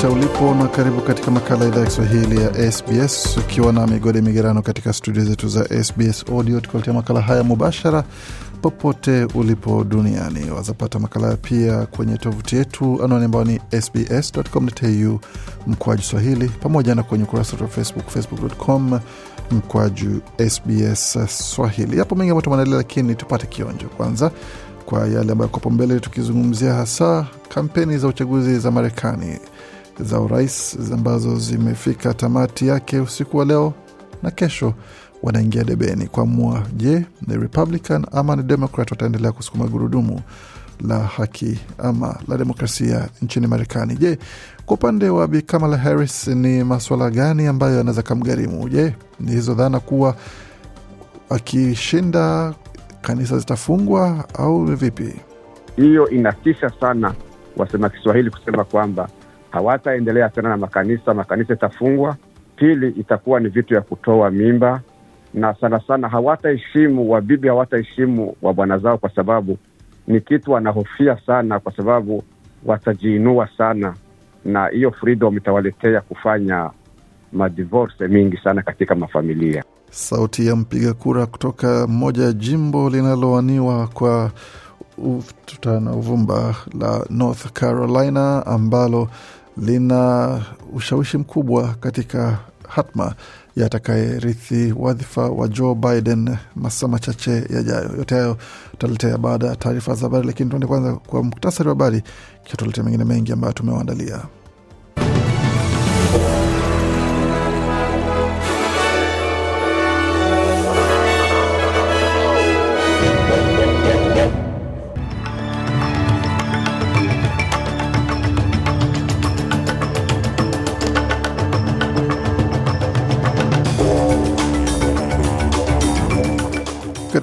popote ulipo na karibu katika makala idhaa ya Kiswahili ya SBS ukiwa na migode migerano katika studio zetu za SBS Audio, tukuletea makala haya mubashara popote ulipo duniani. Wazapata makala pia kwenye tovuti yetu, anwani ambayo ni sbs.com.au mkwaju swahili, pamoja na kwenye ukurasa wetu wa Facebook, facebook.com mkwaju SBS Swahili. Yapo mengi ambayo tumeandalia, lakini tupate kionjo kwanza kwa yale ambayo kwapo mbele, tukizungumzia hasa kampeni za uchaguzi za Marekani za urais ambazo zimefika tamati yake usiku wa leo na kesho wanaingia debeni kuamua, je, ni Republican ama ni Democrat wataendelea kusukuma gurudumu la haki ama la demokrasia nchini Marekani. Je, kwa upande wa Bi Kamala Harris ni maswala gani ambayo yanaweza kamgharimu? Je, ni hizo dhana kuwa akishinda kanisa zitafungwa au vipi? Hiyo inatisha sana, wasema Kiswahili kusema kwamba hawataendelea tena na makanisa, makanisa itafungwa. Pili, itakuwa ni vitu ya kutoa mimba, na sana sana hawataheshimu wabibi, hawataheshimu wa bwana zao, kwa sababu ni kitu wanahofia sana, kwa sababu watajiinua sana, na hiyo freedom itawaletea kufanya madivorce mingi sana katika mafamilia. Sauti ya mpiga kura kutoka moja ya jimbo linalowaniwa kwa utana uvumba la North Carolina ambalo lina ushawishi mkubwa katika hatma ya atakayerithi wadhifa wa Joe Biden masaa machache yajayo. Yote hayo tutaletea baada ya taarifa za habari, lakini tuende kwanza kwa muktasari wa habari, kisha tutaletea mengine mengi ambayo tumewaandalia.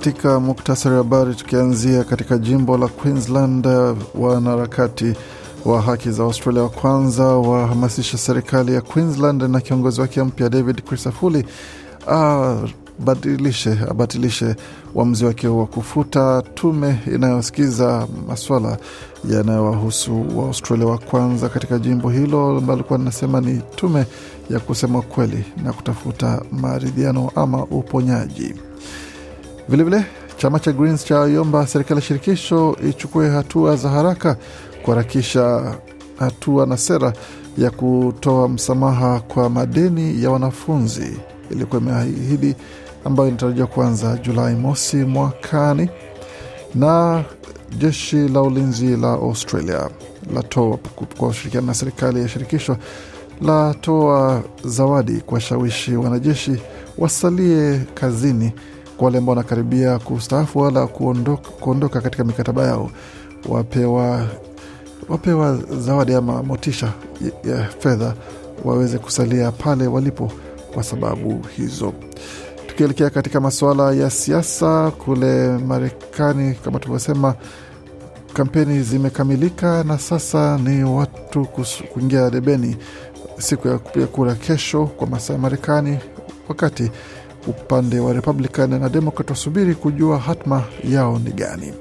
katika muktasari wa habari, tukianzia katika jimbo la Queensland, wanaharakati wa haki za Australia wa kwanza wahamasisha serikali ya Queensland na kiongozi wake mpya David Crisafulli abadilishe abatilishe uamuzi wake wa kufuta tume inayosikiza maswala yanayowahusu wa Australia wa kwanza katika jimbo hilo ambalo alikuwa linasema ni tume ya kusema kweli na kutafuta maridhiano ama uponyaji. Vilevile chama cha Greens cha yomba serikali ya shirikisho ichukue hatua za haraka kuharakisha hatua na sera ya kutoa msamaha kwa madeni ya wanafunzi iliyokuwa imeahidi ambayo inatarajiwa kuanza Julai mosi mwakani. Na jeshi la ulinzi la Australia latoa kwa ushirikiano na serikali ya shirikisho latoa zawadi kuwashawishi wanajeshi wasalie kazini kwa wale ambao wanakaribia kustaafu wala kuondoka, kuondoka katika mikataba yao wapewa, wapewa zawadi ama motisha ya, ya fedha waweze kusalia pale walipo kwa sababu hizo. Tukielekea katika masuala ya siasa kule Marekani, kama tulivyosema, kampeni zimekamilika na sasa ni watu kuingia debeni siku ya kupiga kura kesho kwa masaa ya Marekani, wakati upande wa Republican na Democrat wasubiri kujua hatma yao ni gani.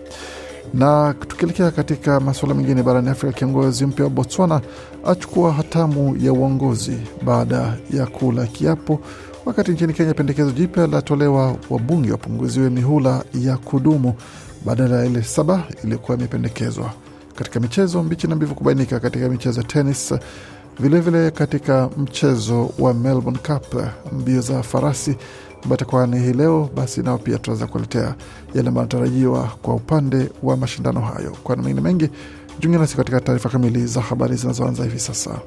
Na tukielekea katika masuala mengine barani Afrika, kiongozi mpya wa Botswana achukua hatamu ya uongozi baada ya kula kiapo, wakati nchini Kenya pendekezo jipya latolewa wabunge wapunguziwe mihula ya kudumu badala ya ile saba iliyokuwa imependekezwa. Katika michezo, mbichi na mbivu kubainika katika michezo ya tenis. Vilevile vile katika mchezo wa Melbourne Cup, mbio za farasi batakwani hii leo, basi nao pia tunaweza kuletea yale ambayo anatarajiwa kwa upande wa mashindano hayo. Kwa na mengine mengi, jiunge nasi katika taarifa kamili za habari zinazoanza hivi sasa.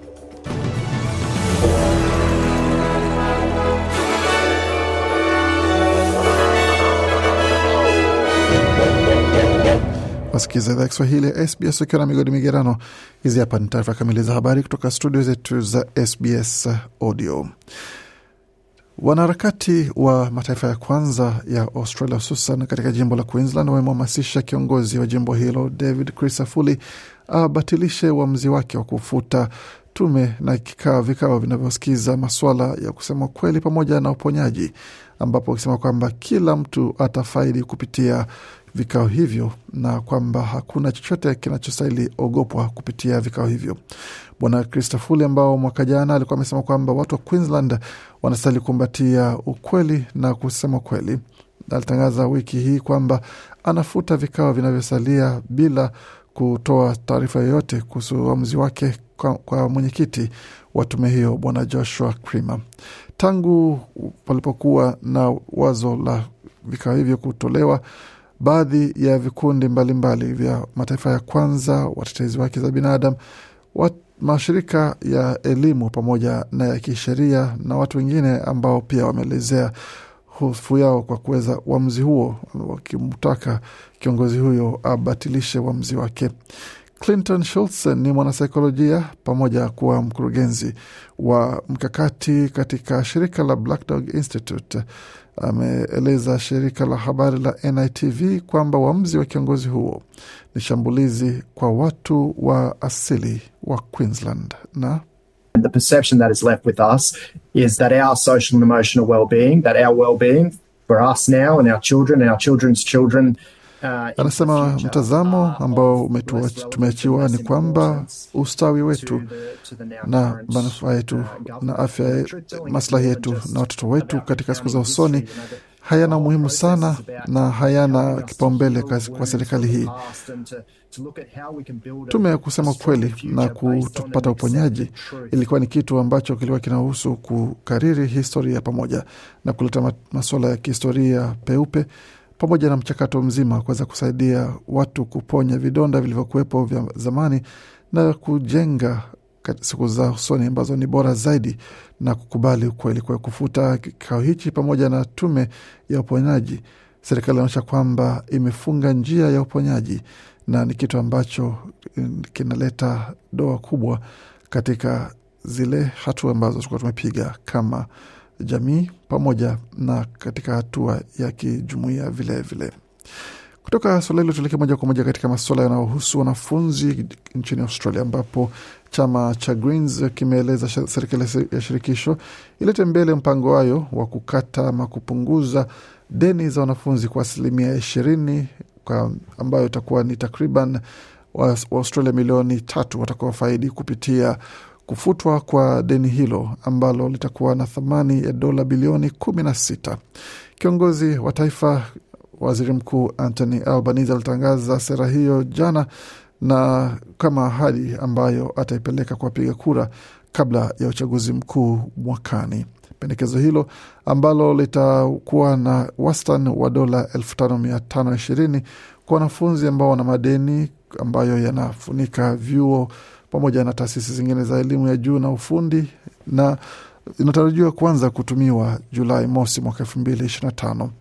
Wasikiza idhaa Kiswahili ya SBS ukiwa na migodi migerano. Hizi hapa ni taarifa kamili za habari kutoka studio zetu za SBS Audio. Wanaharakati wa mataifa ya kwanza ya Australia hususan katika jimbo la Queensland wamemhamasisha kiongozi wa jimbo hilo David Crisafulli abatilishe uamuzi wake wa kufuta tume na kikaa vikao vinavyosikiza masuala ya kusema kweli pamoja na uponyaji, ambapo wakisema kwamba kila mtu atafaidi kupitia vikao hivyo na kwamba hakuna chochote kinachostahili ogopwa kupitia vikao hivyo. Bwana Christopher ambao mwaka jana alikuwa amesema kwamba watu wa Queensland wanastahili kumbatia ukweli na kusema kweli. Alitangaza wiki hii kwamba anafuta vikao vinavyosalia bila kutoa taarifa yoyote kuhusu uamuzi wake kwa, kwa mwenyekiti wa tume hiyo Bwana Joshua Crima. Tangu palipokuwa na wazo la vikao hivyo kutolewa, baadhi ya vikundi mbalimbali mbali vya mataifa ya kwanza, watetezi wa haki za binadamu mashirika ya elimu pamoja na ya kisheria na watu wengine ambao pia wameelezea hofu yao kwa kuweza uamzi huo, wakimtaka kiongozi huyo abatilishe uamuzi wake. Clinton Schultz ni mwanasaikolojia pamoja kuwa mkurugenzi wa mkakati katika shirika la Black Dog Institute ameeleza shirika la habari la NITV kwamba uamuzi wa kiongozi huo ni shambulizi kwa watu wa asili wa Queensland na the perception that is left with us is that our social and emotional well-being, that our well-being for us now and our children and our children's children Uh, Anasema mtazamo uh, ambao tumeachiwa ni kwamba uh, ustawi wetu na manufaa yetu na afya, maslahi yetu na watoto wetu katika siku za usoni hayana umuhimu sana na hayana kipaumbele kwa serikali hii. Tume ya kusema kweli na kutupata uponyaji ilikuwa ni kitu ambacho kilikuwa kinahusu kukariri historia pamoja na kuleta masuala ya kihistoria peupe pamoja na mchakato mzima kuweza kusaidia watu kuponya vidonda vilivyokuwepo vya zamani na kujenga siku za usoni ambazo ni bora zaidi na kukubali ukweli. Kwa kufuta kikao hichi pamoja na tume ya uponyaji, serikali inaonyesha kwamba imefunga njia ya uponyaji na ni kitu ambacho mm, kinaleta doa kubwa katika zile hatua ambazo tulikuwa tumepiga kama jamii pamoja na katika hatua ya kijumuia vilevile. Kutoka suala hilo tuelekee moja kwa moja katika masuala yanayohusu wanafunzi nchini Australia, ambapo chama cha Greens kimeeleza serikali ya shirikisho ilete mbele mpango wayo wa kukata ama kupunguza deni za wanafunzi kwa asilimia ishirini ambayo itakuwa ni takriban wa Australia milioni tatu watakaofaidi kupitia kufutwa kwa deni hilo ambalo litakuwa na thamani ya dola bilioni kumi na sita. Kiongozi wa taifa Waziri Mkuu Anthony Albanese alitangaza sera hiyo jana na kama ahadi ambayo ataipeleka kwa wapiga kura kabla ya uchaguzi mkuu mwakani. Pendekezo hilo ambalo litakuwa na wastani wa dola elfu tano mia tano ishirini kwa wanafunzi ambao wana madeni ambayo yanafunika vyuo pamoja na taasisi zingine za elimu ya juu na ufundi na inatarajiwa kuanza kutumiwa Julai mosi mwaka elfu mbili ishirini na tano.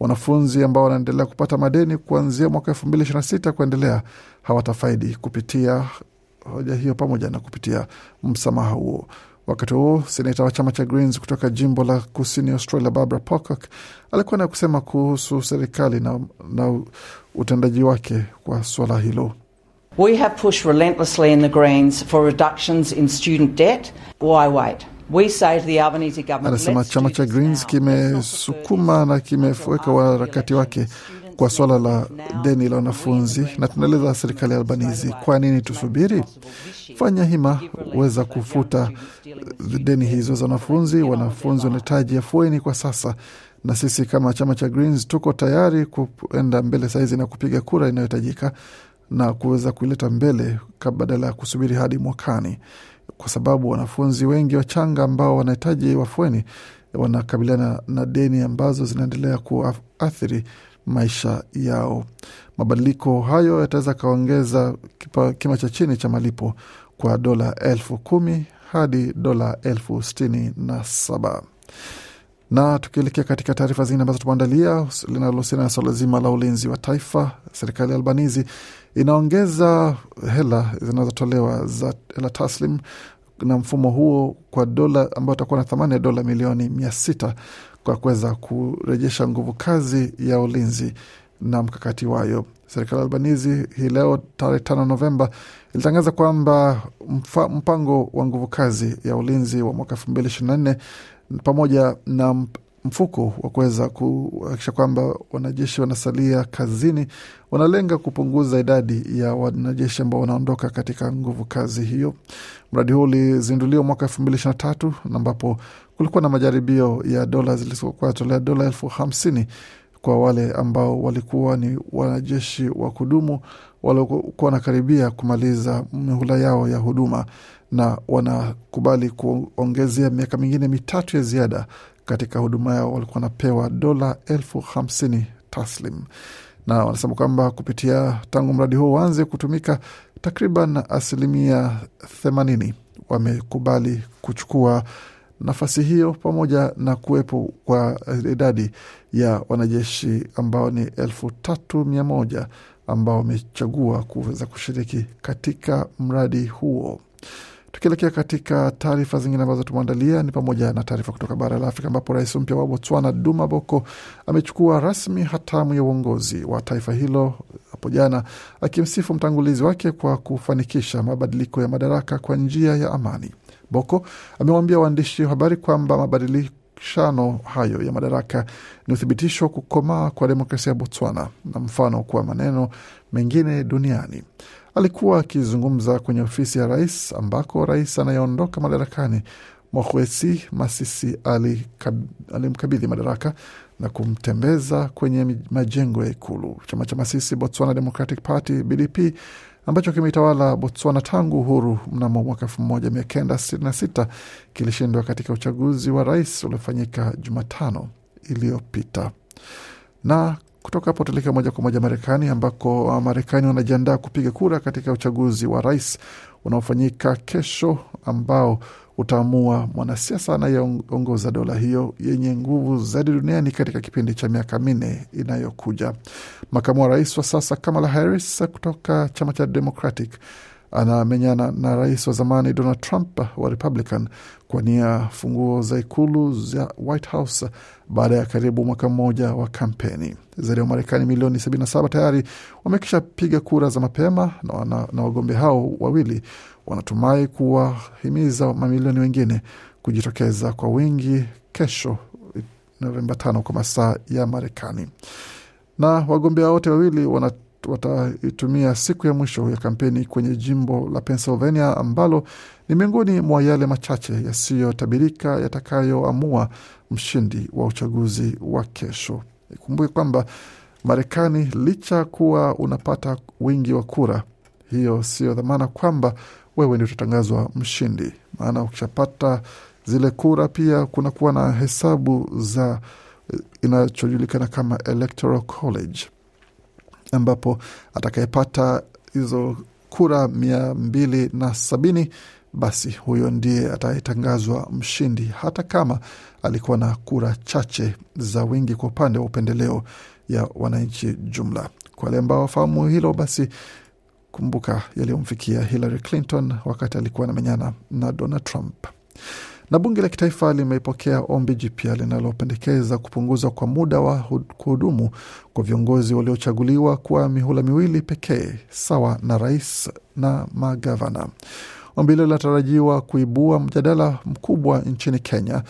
Wanafunzi ambao wanaendelea kupata madeni kuanzia mwaka elfu mbili ishirini na sita kuendelea hawatafaidi kupitia hoja hiyo pamoja na kupitia msamaha huo. Wakati huo seneta wa chama cha Greens kutoka jimbo la kusini Australia, Barbara Pocock alikuwa na kusema kuhusu serikali na, na utendaji wake kwa suala hilo. We have pushed relentlessly in the Greens for reductions in student debt. Why wait? Anasema chama cha Greens kimesukuma na kimeweka waharakati wake kwa swala la deni la wanafunzi, na tunaeleza serikali ya Albanizi, kwa nini tusubiri? Fanya hima weza kufuta deni hizo za wanafunzi. Wanafunzi wanahitaji afueni kwa sasa, na sisi kama chama cha Greens tuko tayari kuenda mbele sahizi na kupiga kura inayohitajika na kuweza kuileta mbele badala ya kusubiri hadi mwakani, kwa sababu wanafunzi wengi wachanga ambao wanahitaji wafueni wanakabiliana na deni ambazo zinaendelea kuathiri maisha yao. Mabadiliko hayo yataweza kaongeza kima cha chini cha malipo kwa dola elfu kumi hadi dola elfu sitini na saba. Na tukielekea katika taarifa zingine ambazo tumeandalia linalohusiana na swala zima la ulinzi wa taifa, serikali ya Albanizi inaongeza hela zinazotolewa za hela taslim na mfumo huo kwa dola ambayo itakuwa na thamani ya dola milioni mia sita kwa kuweza kurejesha nguvu kazi ya ulinzi na mkakati wayo. Serikali ya Albanizi hii leo tarehe tano Novemba ilitangaza kwamba mpango wa nguvu kazi ya ulinzi wa mwaka elfu mbili ishirini na nne pamoja na mfuko wa kuweza kuhakikisha kwamba wanajeshi wanasalia kazini, wanalenga kupunguza idadi ya wanajeshi ambao wanaondoka katika nguvu kazi hiyo. Mradi huo ulizinduliwa mwaka elfu mbili ishirini na tatu na ambapo kulikuwa na majaribio ya dola zilizokuwa tolea dola elfu hamsini kwa wale ambao walikuwa ni wanajeshi wa kudumu waliokuwa wanakaribia kumaliza mihula yao ya huduma na wanakubali kuongezea miaka mingine mitatu ya ziada katika huduma yao, walikuwa wanapewa dola elfu hamsini taslim, na wanasema kwamba kupitia tangu mradi huo uanze kutumika, takriban asilimia themanini wamekubali kuchukua nafasi hiyo pamoja na kuwepo kwa idadi ya wanajeshi ambao ni elfu tatu mia moja ambao wamechagua kuweza kushiriki katika mradi huo. Tukielekea katika taarifa zingine ambazo tumeandalia ni pamoja na taarifa kutoka bara la Afrika ambapo rais mpya wa Botswana Duma Boko amechukua rasmi hatamu ya uongozi wa taifa hilo hapo jana, akimsifu mtangulizi wake kwa kufanikisha mabadiliko ya madaraka kwa njia ya amani. Boko amewaambia waandishi wa habari kwamba mabadiliko mapishano hayo ya madaraka ni uthibitisho kukomaa kwa demokrasia ya Botswana na mfano kwa maneno mengine duniani. Alikuwa akizungumza kwenye ofisi ya rais ambako rais anayeondoka madarakani Mokgweetsi Masisi alimkabidhi madaraka na kumtembeza kwenye majengo ya Ikulu. Chama cha Masisi Botswana Democratic Party BDP ambacho kimetawala Botswana tangu uhuru mnamo mwaka 1966 kilishindwa katika uchaguzi wa rais uliofanyika Jumatano iliyopita. Na kutoka hapo tuelekea moja kwa moja Marekani, ambako Wamarekani uh, wanajiandaa kupiga kura katika uchaguzi wa rais unaofanyika kesho, ambao utaamua mwanasiasa anayeongoza dola hiyo yenye nguvu zaidi duniani katika kipindi cha miaka minne inayokuja. Makamu wa rais wa sasa Kamala Harris uh, kutoka chama cha Democratic anamenyana na rais wa zamani Donald Trump wa Republican kwa nia funguo za ikulu za White House baada ya karibu mwaka mmoja wa kampeni. Zaidi ya Wamarekani milioni 77 tayari wamekisha piga kura za mapema na, na, na wagombea hao wawili wanatumai kuwahimiza mamilioni wengine kujitokeza kwa wingi kesho Novemba tano kwa masaa ya Marekani na wagombea wote wawili wana wataitumia siku ya mwisho ya kampeni kwenye jimbo la Pennsylvania ambalo ni miongoni mwa yale machache yasiyotabirika yatakayoamua mshindi wa uchaguzi wa kesho. Ikumbuke kwamba Marekani, licha kuwa unapata wingi wa kura, hiyo siyo dhamana kwamba wewe ndio utatangazwa mshindi, maana ukishapata zile kura pia kunakuwa na hesabu za eh, inachojulikana kama Electoral College ambapo atakayepata hizo kura mia mbili na sabini basi huyo ndiye atayetangazwa mshindi, hata kama alikuwa na kura chache za wingi kwa upande wa upendeleo ya wananchi jumla. Kwa wale ambao wafahamu hilo, basi kumbuka yaliyomfikia Hillary Clinton wakati alikuwa anamenyana na Donald Trump. Na bunge la kitaifa limepokea ombi jipya linalopendekeza kupunguzwa kwa muda wa kuhudumu kwa viongozi waliochaguliwa kwa mihula miwili pekee sawa na rais na magavana. Ombi hilo linatarajiwa kuibua mjadala mkubwa nchini Kenya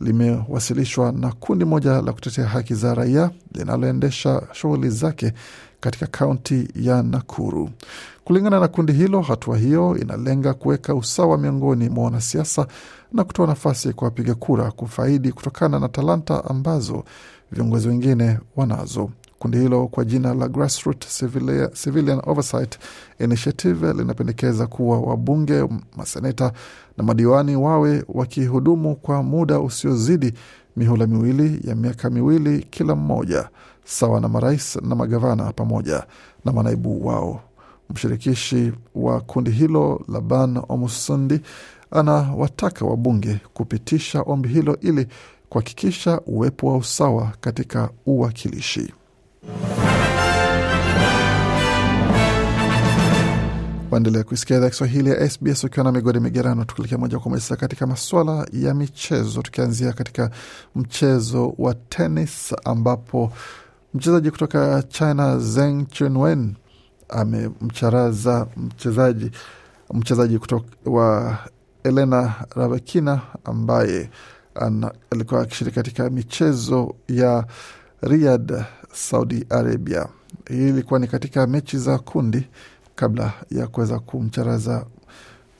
limewasilishwa na kundi moja la kutetea haki za raia linaloendesha shughuli zake katika kaunti ya Nakuru. Kulingana na kundi hilo, hatua hiyo inalenga kuweka usawa miongoni mwa wanasiasa na kutoa nafasi kwa wapiga kura kufaidi kutokana na talanta ambazo viongozi wengine wanazo. Kundi hilo kwa jina la Grassroots Civilian Oversight Initiative linapendekeza kuwa wabunge, maseneta na madiwani wawe wakihudumu kwa muda usiozidi mihula miwili ya miaka miwili kila mmoja, sawa na marais na magavana pamoja na manaibu wao. Mshirikishi wa kundi hilo Laban Omusundi anawataka wabunge kupitisha ombi hilo ili kuhakikisha uwepo wa usawa katika uwakilishi. Waendelea kuisikia idhaa Kiswahili ya SBS ukiwa na migodi migerano, tukilekea moja kwa moja katika maswala ya michezo, tukianzia katika mchezo wa tenis ambapo mchezaji kutoka China Zeng Chenwen amemcharaza mchezaji mchezaji wa Elena ravekina ambaye alikuwa akishiriki katika michezo ya Riyadh, Saudi Arabia. Hii ilikuwa ni katika mechi za kundi kabla ya kuweza kumcharaza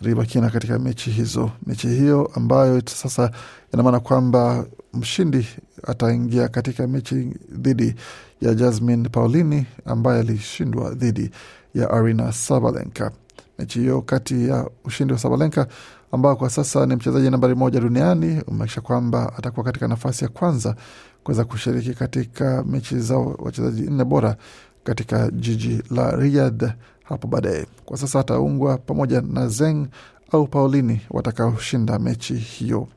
Ribakina katika mechi hizo. Mechi hiyo ambayo sasa ina maana kwamba mshindi ataingia katika mechi dhidi ya Jasmin Paulini ambaye alishindwa dhidi ya Arina Sabalenka. Mechi hiyo kati ya ushindi wa Sabalenka ambao kwa sasa ni mchezaji nambari moja duniani umeakisha kwamba atakuwa katika nafasi ya kwanza kuweza kushiriki katika mechi za wachezaji nne bora katika jiji la Riyadh hapo baadaye. Kwa sasa ataungwa pamoja na Zeng au Paulini watakaoshinda mechi hiyo.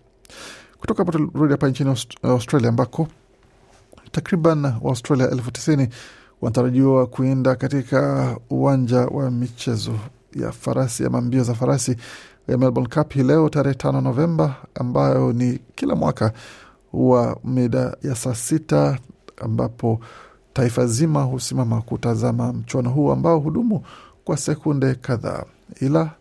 Kutoka hapo turudi hapa nchini Australia ambako takriban Waaustralia elfu tisini wanatarajiwa kuenda katika uwanja wa michezo ya farasi ama mbio za farasi ya Melbourne Cup hii leo tarehe tano Novemba, ambayo ni kila mwaka wa mida ya saa sita ambapo Taifa zima husimama kutazama mchuano huu ambao hudumu kwa sekunde kadhaa, ila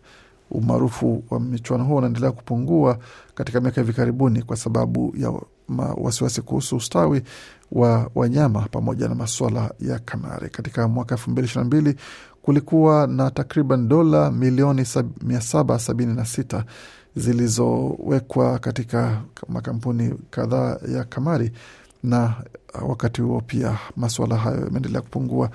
umaarufu wa michuano huo unaendelea kupungua katika miaka hivi karibuni kwa sababu ya wasiwasi kuhusu ustawi wa wanyama pamoja na maswala ya kamari. Katika mwaka elfu mbili ishirini na mbili kulikuwa na takriban dola milioni sita zilizowekwa katika makampuni kadhaa ya kamari na wakati huo pia masuala hayo yameendelea kupungua.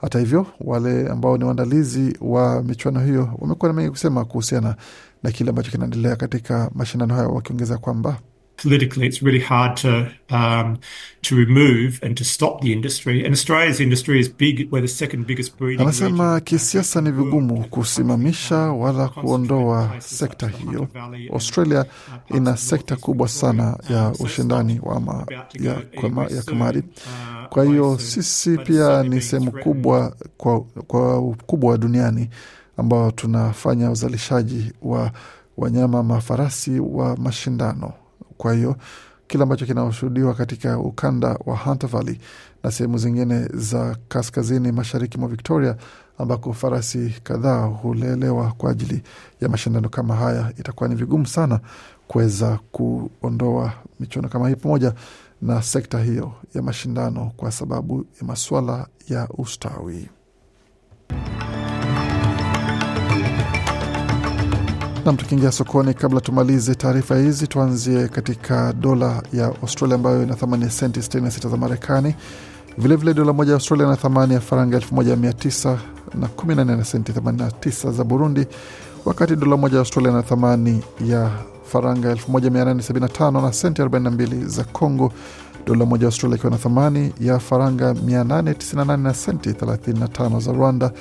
Hata hivyo, wale ambao ni waandalizi wa michuano hiyo wamekuwa na mengi kusema kuhusiana na kile ambacho kinaendelea katika mashindano hayo, wakiongeza kwamba politically, it's really hard to um, to remove and to stop the industry. And Australia's industry is big, we're the second biggest breeding. Anasema kisiasa ni vigumu kusimamisha wala kuondoa sekta hiyo. Australia ina sekta kubwa sana um, ya ushindani wa ma, ya, kama, ya kamari. Uh, kwa hiyo sisi pia ni sehemu kubwa kwa, kwa ukubwa duniani ambao tunafanya uzalishaji wa wanyama mafarasi wa mashindano. Kwa hiyo kile ambacho kinashuhudiwa katika ukanda wa Hunter Valley na sehemu zingine za kaskazini mashariki mwa Victoria ambako farasi kadhaa hulelewa kwa ajili ya mashindano kama haya, itakuwa ni vigumu sana kuweza kuondoa michuano kama hii pamoja na sekta hiyo ya mashindano kwa sababu ya masuala ya ustawi. Nam, tukiingia sokoni, kabla tumalize taarifa hizi, tuanzie katika dola ya Australia ambayo ina thamani ya senti 66 za Marekani. Vilevile dola moja ya Australia na thamani ya faranga 1914 na senti 89 za Burundi, wakati dola moja ya Australia na thamani ya faranga 1875 na senti 42 za Congo, dola moja ya Australia ikiwa na thamani ya faranga 898 na senti 35 za Rwanda,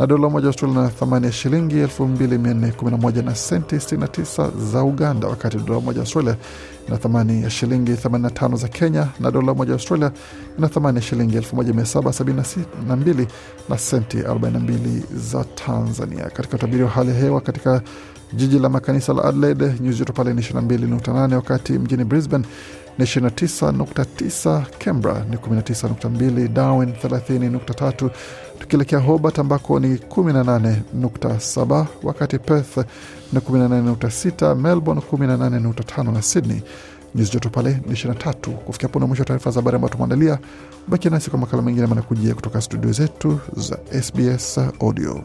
na dola moja Australia na thamani ya shilingi 2411 na senti 69 za Uganda, wakati dola moja Australia na thamani ya shilingi 85 za Kenya na dola moja Australia ina thamani ya shilingi 1772 na senti 42 za Tanzania. Katika utabiri wa hali ya hewa katika jiji la makanisa la Adelaide nyuzi joto pale ni 22.8, wakati mjini Brisbane ni 29.9, Canberra ni 19.2, Darwin 30.3 tukielekea Hobart ambako ni 18.7, wakati Perth ni 18.6, Melbourne 18.5 na Sydney nyuzi joto pale ni 23. Kufikia puna mwisho wa taarifa za habari ambayo tumeandalia, bakia nasi kwa makala mengine manakujia kutoka studio zetu za SBS Audio.